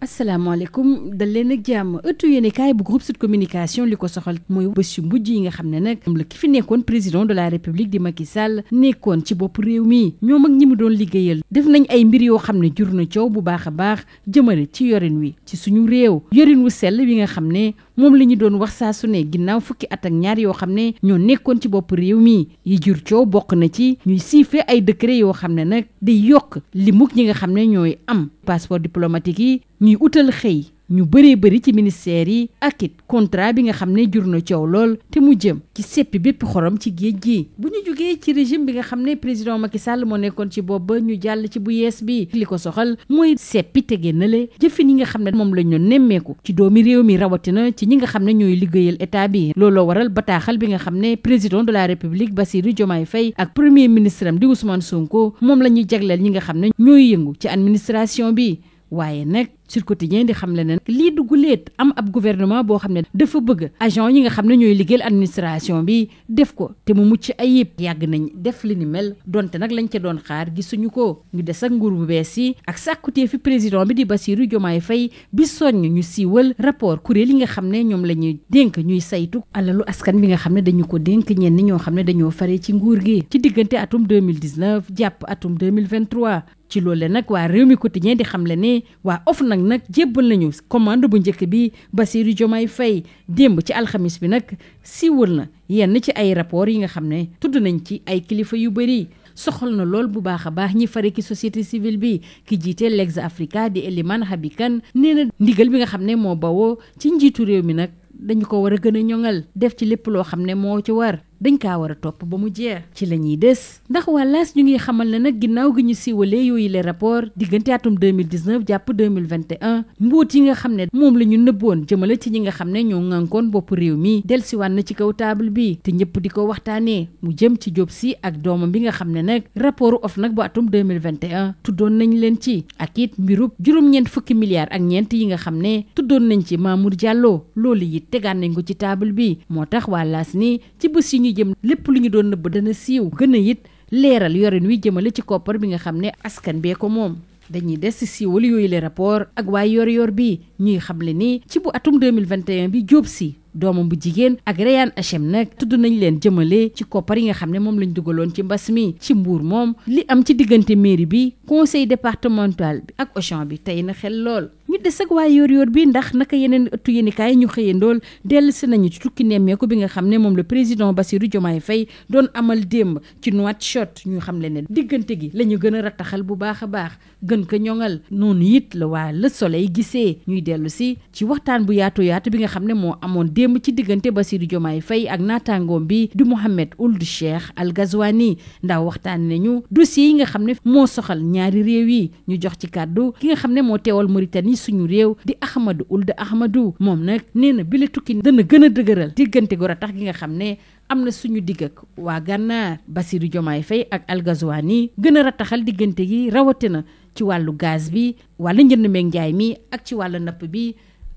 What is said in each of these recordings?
asalaamaaleykum dal leen ak jàmm ëttu yéenekaay bu groupe Sud Communication li ko soxal mooy bés yu mujj yi nga xam ne nag am ki fi nekkoon président de la république di Macky Sall nekkoon ci bopp réew mi ñoom ak ñi mu doon liggéeyal def nañ ay mbir yoo xam ne jur na coow bu baax a baax jëmale ci yorin wi ci suñu réew yorin wu sell wi nga xam ne moom li ñu doon wax saa su ne ginnaaw fukki at ak ñaar yoo xam ne ñoo nekkoon ci bopp réew mi yi jur coow bokk na ci ñuy siife ay décret yoo xam ne nag di yokk li mukk ñi nga xam ne ñooy am passeport diplomatique yi ñuy utal xëy ñu bëree bëri ci ministère yi ak it contrat bi nga xam ne jur na coow lool te mu jëm ci seppi bépp xorom ci géej gi bu ñu jugee ci régime bi nga xam ne président Macky Sall moo nekkoon ci bopp ba ñu jàll ci bu yees bi li ko soxal mooy seppi tege na le jëfin yi nga xam ne moom lañ doon nemmeeku ci doomi réew mi rawatina ci ñi nga xam ne ñooy liggéeyal état bi looloo waral bataaxal bi nga xam ne président de la république Bassirou Diomaye fay ak premier ministre am di Ousmane Sonko moom la ñuy jagleel ñi nga xam ne ñooy yëngu ci administration bi waaye nag Sud Quotidien di xam le ne lii dugg léet am ab gouvernement boo xam ne dafa bëgg agent yi nga xam ne ñooy liggéeyal administration bi def ko te mu mucc ayib yàgg nañ def li ni mel donte nag lañ ca doon xaar gisuñu ko ñu des ak nguur bu bees yi ak sàkkutee fi président bi di Bassirou Diomaye fay bi soññ ñu siiwal rapport kuréel yi nga xam ne ñoom la ñuy dénk ñuy saytu lu askan bi nga xam ne dañu ko dénk ñenn ñoo xam ne dañoo faree ci nguur gi ci diggante atum 2019 jàpp atum 2023 ci loolu nag waa réew mi quotidien di xam le nag jébbal nañu commande bu njëkk bi Bassirou Diomaye Faye démb ci alxamis bi nag siiwal na yenn ci ay rapport yi nga xam ne tudd nañ ci ay kilifa yu bëri soxal na lool bu baax a baax ñi fare ci société civile bi ki jiitee Legs Africa di manaha bi kan na ndigal bi nga xam ne moo bawoo ci njiitu réew mi nag dañu ko war a gën a ñoŋal def ci lépp loo xam ne moo ci war dañ kaa war a topp ba mu jeex ci la ñuy des ndax wàllaas ñu ngi xamal ne nag ginnaaw gi ñu siiwalee yooyu les rapports diggante atum 2019 jàpp 2021 mbóot yi nga xam ne moom la ñu nëbboon jëmale ci ñi nga xam ne ñoo ŋànkoon bopp réew mi dellusiwaat na ci kaw table bi te ñëpp di ko waxtaanee mu jëm ci Diop Sy ak doomam bi nga xam ne nag rapportu OFNAC bu atum 2021 tuddoon nañ leen ci ak it mbirub juróom-ñeent fukki milliards ak ñeent yi nga xam ne tuddoon nañ ci Mamour Diallo loolu it tegaan nañ ko ci table bi moo tax ñuy jëm lépp lu ñu doon nëbb dana siiw gën a it leeral yorin wi jëmale ci koppar bi nga xam ne askan bee ko moom dañuy des si siiwal yooyu le rapport ak waaye yor-yor bi ñuy xamle ni ci bu atum 2021 bi jóob si doomam bu jigéen ak Rayane Hachem nag tudd nañ leen jëmale ci koppar yi nga xam ne moom lañ dugaloon ci mbas mi ci mbuur moom li am ci diggante mairie bi conseil départemental bi ak Auchan bi tey na xel lool. ñu des ak waa yoor yoor bi ndax naka yeneen ëttu yéenekaay ñu xëyee ndool dellu si nañu ci tukki nemmeeku bi nga xam ne moom la président Bassirou Diomaye Faye doon amal démb ci Nouakchott ñu xam le ne diggante gi la ñu gën a rattaxal bu baax a baax gën ko ñoŋal noonu it la waa Le Soleil gisee ñuy dellu si ci waxtaan bu yaatu yaatu bi nga xam ne moo amoon démb ci diggante Bassirou Diomaye Faye ak naataangoom bi di Mohamed Ould Cheikh Al Ghazouani ndax waxtaan nañu dossier yi nga xam ne moo soxal ñaari réew yi ñu jox ci kàddu ki nga xam ne moo teewal Mauritanie suñu réew di Ahmadou Ould Ahmadou moom nag nee na bill tukki dana gën a dëgëral diggante gor a tax gi nga xam ne am na suñu digg waa gànnaar Bassirou Diomaye Faye ak al nii gën a rataxal diggante gi rawatina ci wàllu gaz bi wàllu njënd meeg njaay mi ak ci wàllu napp bi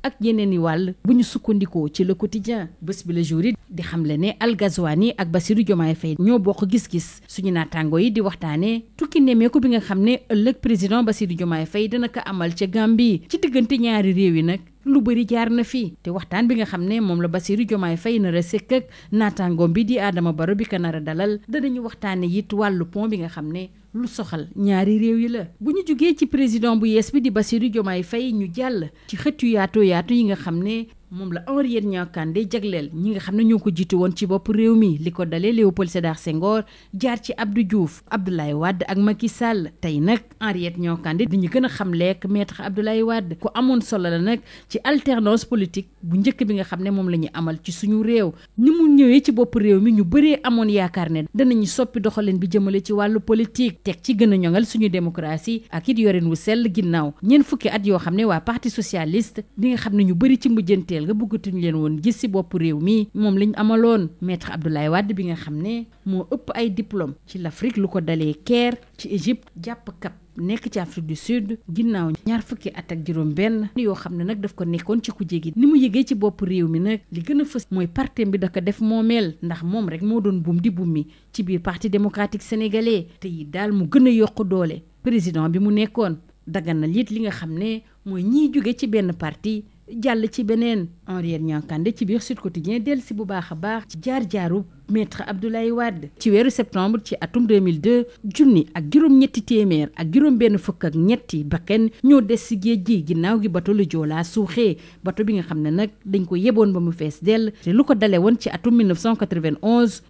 ak yeneen i wàll bu ñu sukkandikoo ci le quotidien bés bi le jour yi di xamle ne Algazouani ak Bassirou jomaay fay ñoo boo ko gis-gis suñu naataango yi di waxtaanee tukki nemmeeku bi nga xam ne ëllëg président Bassirou Diomaye fay dana ko amal ca Gambie ci diggante ñaari réew yi nag lu bëri jaar na fi te waxtaan bi nga xam ne moom la Bassirou Diomaye Faye nar a sekk ak naataangoom bi di Adama Barrow bi ko nar a dalal danañu waxtaanee it wàllu pont bi nga xam ne lu soxal ñaari réew yi la bu ñu jógee ci président bu yees bi di Bassirou Diomaye fay ñu jàll ci xëtu yaatu yaatu yi nga xam ne moom la Henriette Niang Kane jagleel ñi nga xam ne ñoo ko jiitu woon ci bopp réew mi li ko dalee Léopold Sédar Senghor jaar ci Abdou Diouf Abdoulaye Wade ak Macky Sall tey nag Henriette Niang Kane ñu gën a xam lekk maître Abdoulaye Wade ku amoon solo la nag ci alternance politique bu njëkk bi nga xam ne moom la ñu amal ci suñu réew ni mu ñëwee ci bopp réew mi ñu bëree amoon yaakaar ne ñu soppi doxalin bi jëmale ci wàllu politique teg ci gën a ñoŋal suñu démocratie ak it yorin wu sell ginnaaw ñeent fukki at yoo xam ne waa parti socialiste li nga xam ne ñu bëri ci mujjanteel nga bëggatuñu leen woon gis si bopp réew mi moom lañ amaloon maître Abdoulaye wadd bi nga xam ne moo ëpp ay diplôme ci l'Afrique lu ko dalee Caire ci Égypte jàpp Cap nekk ci Afrique du Sud ginnaaw ñaar fukki at ak juróom benn yoo xam ne nag daf ko nekkoon ci ku gi ni mu yëgee ci bopp réew mi nag li gën a fës mooy partem bi da ko def moomeel ndax moom rek moo doon buum di buum mi ci biir parti démocratique sénégalais te yi daal mu gën a yokk doole président bi mu nekkoon daganal it li nga xam ne mooy ñiy jóge ci benn parti jàll ci beneen Henriette Niang Kandé ci biir Sud Quotidien dellu si bu baax a baax ci jaar-jaaru maître Abdoulaye Wade ci weeru septembre ci atum 2002 junni ak juróom-ñetti téeméer ak juróom-benn fukk ak ñetti bakken ñoo des si géej gi ginnaaw gi bato lu joolaa suuxee bato bi nga xam ne nag dañ ko yeboon ba mu fees dell te lu ko dale woon ci atum 1991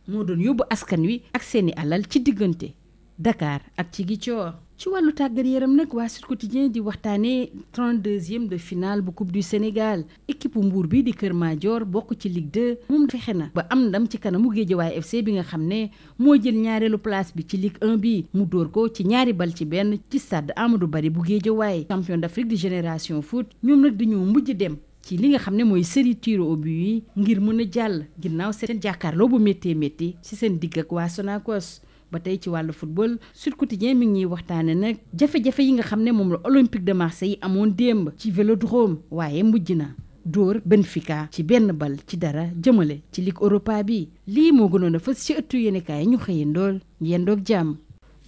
moo doon yóbbu askan wi ak seeni alal ci diggante dakaar ak ci Ziguinchor ci wàllu tàggat yaram nag waa Sud Quotidien di waxtaanee 32e de finale bu coupe du Sénégal équipe mbuur bi di Kër Madior bokk ci Ligue 2 moom fexe na ba am ndam ci kanamu Guédiawaye FC bi nga xam ne moo jël ñaareelu place bi ci Ligue 1 bi mu dóor ko ci ñaari bal ci benn ci stade Amadou Barry bu Guédiawaye champion d'Afrique de génération foot ñoom nag dañoo mujj dem. ci li nga xam ne mooy série tirs au yi ngir mën a jàll ginnaaw jàkkaarloo bu méttee métti ci seen digg ak waa Sonacos ba tey ci wàllu football Sud Quotidien mi ngi ñuy waxtaane nag jafe-jafe yi nga xam ne moom la Olympique de yi amoon démb ci Vélodrome waaye mujj na dóor Benfica ci benn bal ci dara jëmale ci Ligue Europa bi lii moo gënoon a fës ci ëttu yéenekaay yi ñu xëyandool yendoog jàmm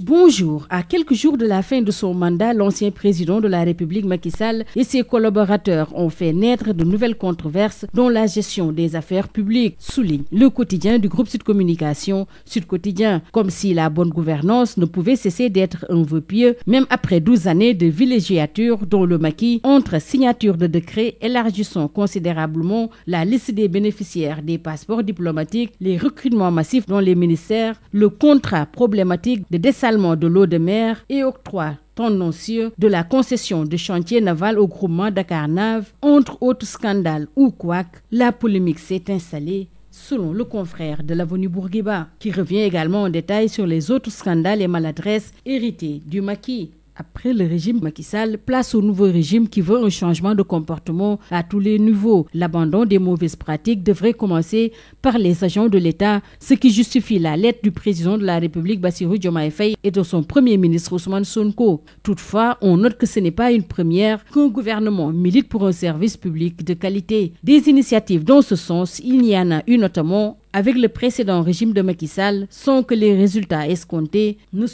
Bonjour. À quelques jours de la fin de son mandat, l'ancien président de la République Macky Sall et ses collaborateurs ont fait naître de nouvelles controverses dont la gestion des affaires publiques, souligne le quotidien du groupe Sud Communication, Sud Quotidien, comme si la bonne gouvernance ne pouvait cesser d'être un vœu pieux, même après 12 années de villégiature dont le Macky, entre signature de décrets élargissant considérablement la liste des bénéficiaires des passeports diplomatiques, les recrutements massifs dans les ministères, le contrat problématique de dessalement de l'eau de mer et octroi tendancieux de la concession de chantier naval au groupement Dakarnave, entre autres scandales ou couacs, la polémique s'est installée selon le confrère de l'avenue Bourguiba, qui revient également en détail sur les autres scandales et maladresses héritées du maquis. Après le régime Macky Sall, place au nouveau régime qui veut un changement de comportement à tous les niveaux. L'abandon des mauvaises pratiques devrait commencer par les agents de l'État, ce qui justifie la lettre du président de la République Bassirou Diomaye Faye et de son premier ministre Ousmane Sonko. Toutefois, on note que ce n'est pas une première qu'un gouvernement milite pour un service public de qualité. Des initiatives dans ce sens, il y en a eu de Macky Sall sans que les résultats escomptés ne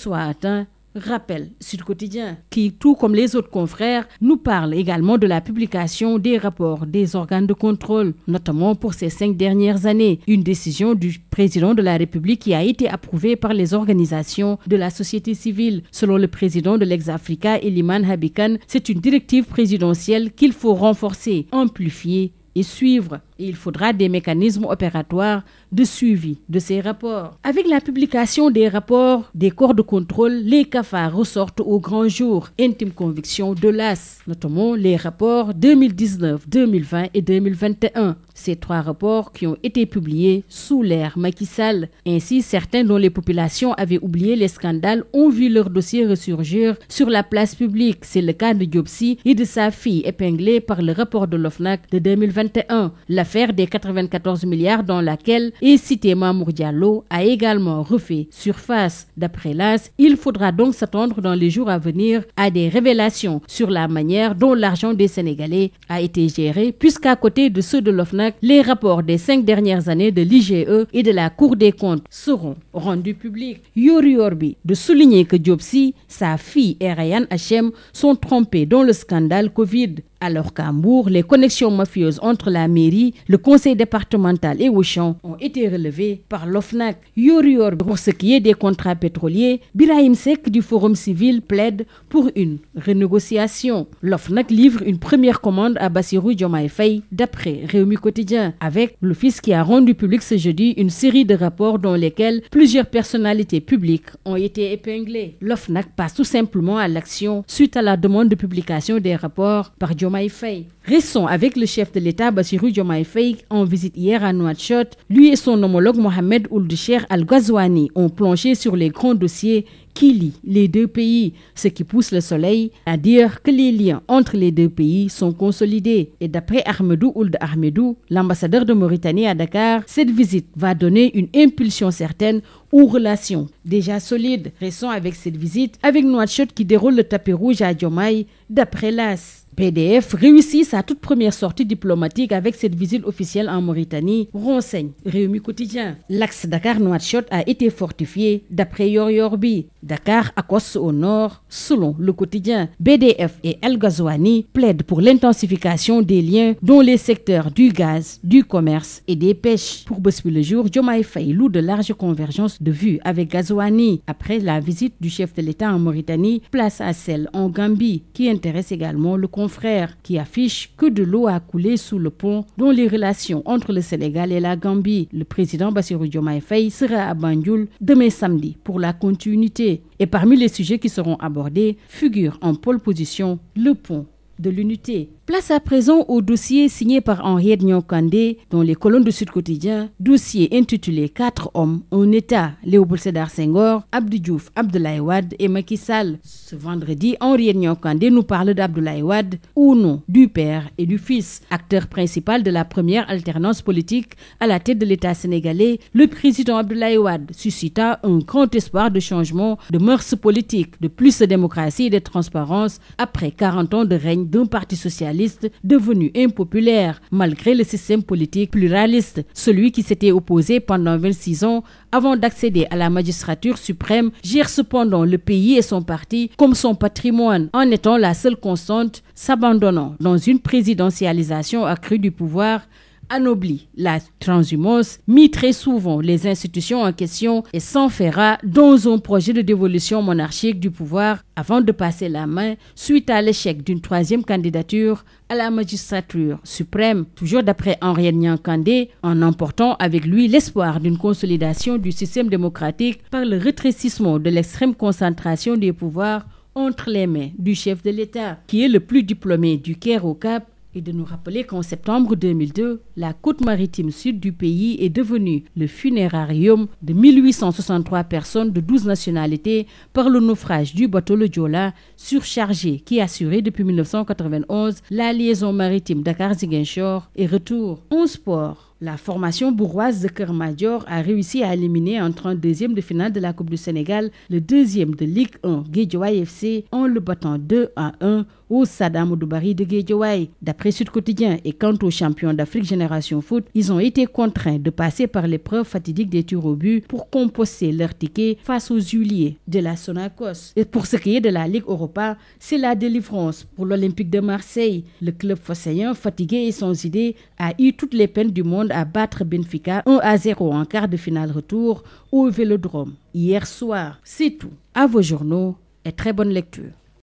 Rappel, Sud Quotidien, qui, tout comme les autres confrères, nous parle également de la publication des rapports des organes de contrôle, notamment pour ces cinq dernières années. Une décision du président de la République qui a été approuvée par les organisations de la société civile. Selon le président de l'ex-Africa, Eliman Habikan, c'est une directive présidentielle qu'il faut renforcer, amplifier et suivre. et il faudra des mécanismes opératoires de suivi de ces rapports. Avec la publication des rapports des corps de contrôle, les CAFA ressortent au grand jour. Intime conviction de l'AS, notamment les rapports 2019, 2020 et 2021. Ces trois rapports qui ont été publiés sous l'ère Macky Sall. Ainsi, certains dont les populations avaient oublié les scandales ont vu leur dossier ressurgir sur la place publique. C'est le cas de Diopsi et de sa fille épinglée par le rapport de l'OFNAC de l'affaire des 94 milliards dans laquelle incité Mamour Diallo a également refait surface. D'après l'AS, il faudra donc s'attendre dans les jours à venir à des révélations sur la manière dont l'argent des Sénégalais a été géré, puisqu'à côté de ceux de l'OFNAC, les rapports des cinq dernières années de l'IGE et de la Cour des comptes seront rendus publics. Yori Orbi de souligner que Diop sa fille et Ryan Hachem sont trompés dans le scandale Covid. Alors qu'à Mbour, les connexions mafieuses entre la mairie, le conseil départemental et Auchan ont été relevés par l'OFNAC. Yoor-Yoor pour ce qui est des contrats pétroliers, Birahim Seck du Forum civil plaide pour une renégociation. L'OFNAC livre une première commande à Bassirou Diomaye Faye d'après Rewmi Quotidien avec l'office qui a rendu public ce jeudi une série de rapports dans lesquels plusieurs personnalités publiques ont été épinglées. L'OFNAC passe tout simplement à l'action suite à la demande de publication des rapports par Diomaye Faye. le chef de l'État Bassirou Faye en visite hier à Nouakchott, lui et son homologue Mohamed Ould Cheikh Al Ghazouani ont planché sur les grands dossiers qui lie les deux pays, ce qui pousse le soleil à dire que les liens entre les deux pays sont consolidés. Et d'après Ahmedou Ould Ahmedou, l'ambassadeur de Mauritanie à Dakar, cette visite va donner une impulsion certaine aux relations déjà solides. Restons avec cette visite, avec Nouakchott qui déroule le tapis rouge à Diomaye, d'après réussit sa toute première sortie diplomatique avec cette visite officielle en Mauritanie, renseigne Réumi Quotidien. L'axe Dakar-Nouakchott a été fortifié d'après Dakar accoste au nord, selon le quotidien. BDF et El Ghazouani plaident pour l'intensification des liens dans les secteurs du gaz, du commerce et des pêches. Pour Bës Bi Le Jour, Diomaye Faye loue de larges convergences de vues avec Ghazouani après la visite du chef de l'État en Mauritanie, place à celle en Gambie qui intéresse également le confrère qui affiche que de l'eau a coulé sous le pont dans les relations entre le Sénégal et la Gambie. Le président Bassirou Diomaye l'unité. Et parmi les sujets qui seront abordés figure en pole position le pont de l'unité. Place à présent au dossier signé par Henriette Nyonkandé dans les colonnes de Sud Quotidien, dossier intitulé 4 hommes en état, Léopold Sédar Senghor, Abdou et Macky Ce vendredi, Henriette Nyonkandé nous parle d'Abdoulaye Wad et du fils, acteur principal de la première alternance politique à la tête de l'État sénégalais. Le président Abdoulaye Wad de changement de mœurs politiques, et de transparence après ans de règne d'un parti socialiste socialiste devenu impopulaire malgré le système politique pluraliste. Celui qui s'était opposé pendant 26 ans avant d'accéder à la magistrature suprême gère cependant le pays et son parti comme son patrimoine en étant la seule constante, s'abandonnant dans une présidentialisation accrue du pouvoir anoblit la transhumance, mis très souvent les institutions en question et s'enferra dans un projet de dévolution monarchique du pouvoir avant de passer la main suite à l'échec d'une troisième candidature à la magistrature suprême, toujours d'après Henriette Niang Kandé, en emportant avec lui l'espoir d'une consolidation du système démocratique par le rétrécissement de l'extrême concentration des pouvoirs entre les mains du chef de l'État, qui est le plus et de nous rappeler qu'en septembre 2002, la côte maritime sud du pays est devenue le funérarium de personnes de 12 nationalités par le naufrage du bateau le Joola surchargé qui assurait depuis la liaison maritime Dakar-Ziguinchor et retour. Onze ports la formation bourgeoise de Keur a réussi à éliminer en 32e de finale de la Coupe du Sénégal le deuxième de Ligue 1 FC en le battant 2 à ou Sadam Doubari de Guédiouaï. D'après Sud Quotidien et quant aux champions d'Afrique Génération Foot, ils ont été contraints de passer par l'épreuve fatidique des tirs au but pour composer leur ticket face aux huiliers de la Sonacos. Et pour ce qui est de la Ligue Europa, c'est la délivrance pour l'Olympique de Marseille. Le club phocéen, fatigué et sans idée, a eu toutes les peines du monde à battre Benfica 1 à 0 en quart de finale retour au Vélodrome